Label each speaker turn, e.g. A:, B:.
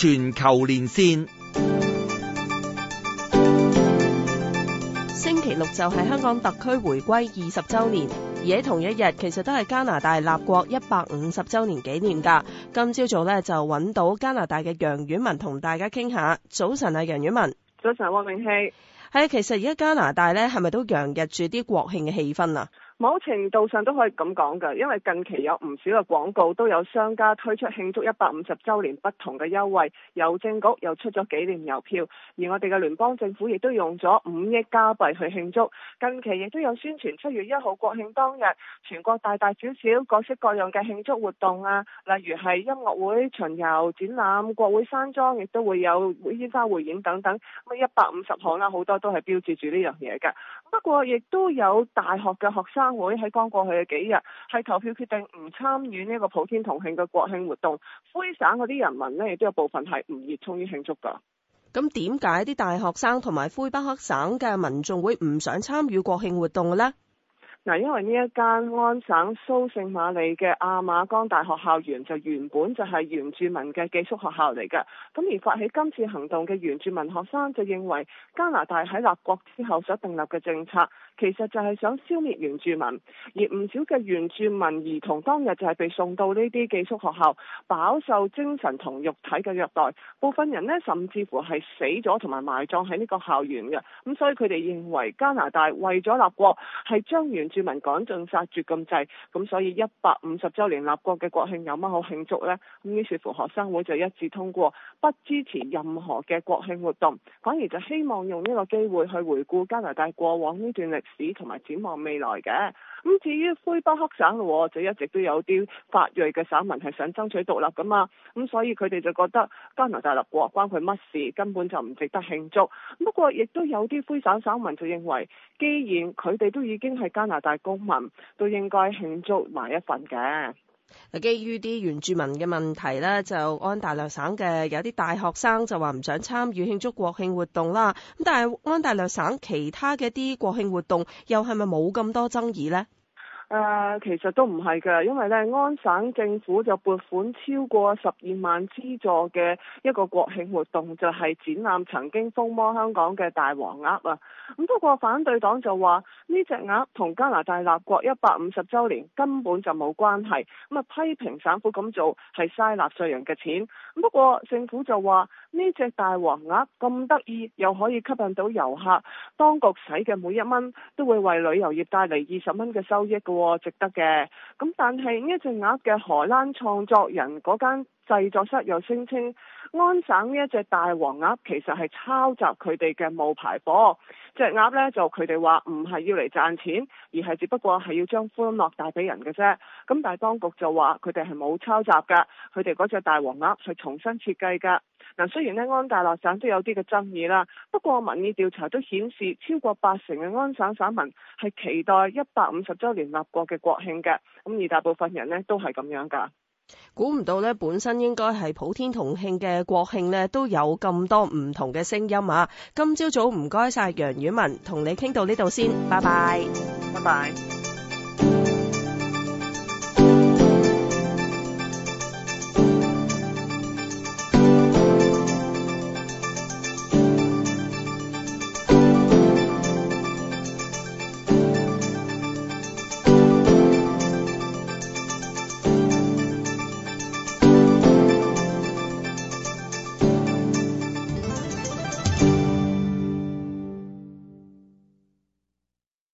A: 全球連線，星期六就係香港特區回歸二十周年，而喺同一日，其實都係加拿大立國一百五十周年紀念噶。今朝早咧就揾到加拿大嘅楊婉文同大家傾下。早晨啊，楊婉文。
B: 早晨，汪溟曦。
A: 係啊，其實而家加拿大咧，係咪都洋溢住啲國慶嘅氣氛啊？
B: 某程度上都可以咁講嘅，因為近期有唔少嘅廣告都有商家推出慶祝一百五十周年不同嘅優惠，郵政局又出咗紀念郵票，而我哋嘅聯邦政府亦都用咗五億加幣去慶祝。近期亦都有宣傳七月一號國慶當日，全國大大小小各式各樣嘅慶祝活動啊，例如係音樂會、巡遊、展覽，國會山莊亦都會有煙花匯演等等。咁一百五十項啦，好多都係標誌住呢樣嘢嘅。不過，亦都有大學嘅學生會喺剛過去嘅幾日，係投票決定唔參與呢一個普天同慶嘅國慶活動。魁省嗰啲人民呢，亦都有部分係唔熱衷於慶祝㗎。
A: 咁點解啲大學生同埋魁北克省嘅民眾會唔想參與
B: 國慶活動呢？嗱，因為呢一間安省蘇聖馬里嘅阿馬江大學校園就原本就係原住民嘅寄宿學校嚟嘅，咁而發起今次行動嘅原住民學生就認為加拿大喺立國之後所訂立嘅政策，其實就係想消滅原住民，而唔少嘅原住民兒童當日就係被送到呢啲寄宿學校，飽受精神同肉體嘅虐待，部分人咧甚至乎係死咗同埋埋葬喺呢個校園嘅，咁所以佢哋認為加拿大為咗立國係將原住。市民趕盡殺絕咁滯，咁所以一百五十周年立國嘅國慶有乜好慶祝呢？咁於是乎學生會就一致通過，不支持任何嘅國慶活動，反而就希望用呢個機會去回顧加拿大過往呢段歷史同埋展望未來嘅。咁至於魁北克省咯，就一直都有啲法裔嘅省民係想爭取獨立噶嘛，咁所以佢哋就覺得加拿大立國關佢乜事，根本就唔值得慶祝。不過亦都有啲魁省省民就認為，既然佢哋都已經係加拿大。大公民都應該慶祝埋一份嘅。
A: 嗱，基於啲原住民嘅問題咧，就安大略省嘅有啲大學生就話唔想參與慶祝國慶活動啦。咁但係安大略省其他嘅啲國慶活動又係咪冇咁多爭議咧？
B: 誒、呃、其實都唔係嘅，因為咧，安省政府就撥款超過十二萬資助嘅一個國慶活動，就係、是、展覽曾經瘋魔香港嘅大黃鴨啊。咁不過反對黨就話呢隻鴨同加拿大立國一百五十週年根本就冇關係，咁啊批評省府咁做係嘥納稅人嘅錢。不過政府就話呢隻大黃鴨咁得意，又可以吸引到遊客，當局使嘅每一蚊都會為旅遊業帶嚟二十蚊嘅收益嘅。值得嘅，咁但係呢一隻鴨嘅荷蘭創作人嗰間製作室又聲稱，安省呢一隻大黃鴨其實係抄襲佢哋嘅冒牌貨。隻鴨呢，就佢哋話唔係要嚟賺錢，而係只不過係要將歡樂帶俾人嘅啫。咁但係當局就話佢哋係冇抄襲噶，佢哋嗰隻大黃鴨係重新設計噶。嗱，雖然呢，安大略省都有啲嘅爭議啦，不過民意調查都顯示超過八成嘅安省省民係期待一百五十周年立國嘅國慶嘅。咁而大部分人呢，都係咁樣噶。
A: 估唔到咧，本身應該係普天同慶嘅國慶咧，都有咁多唔同嘅聲音啊！今朝早唔該晒楊婉文，同你傾到呢度先，拜拜。拜拜。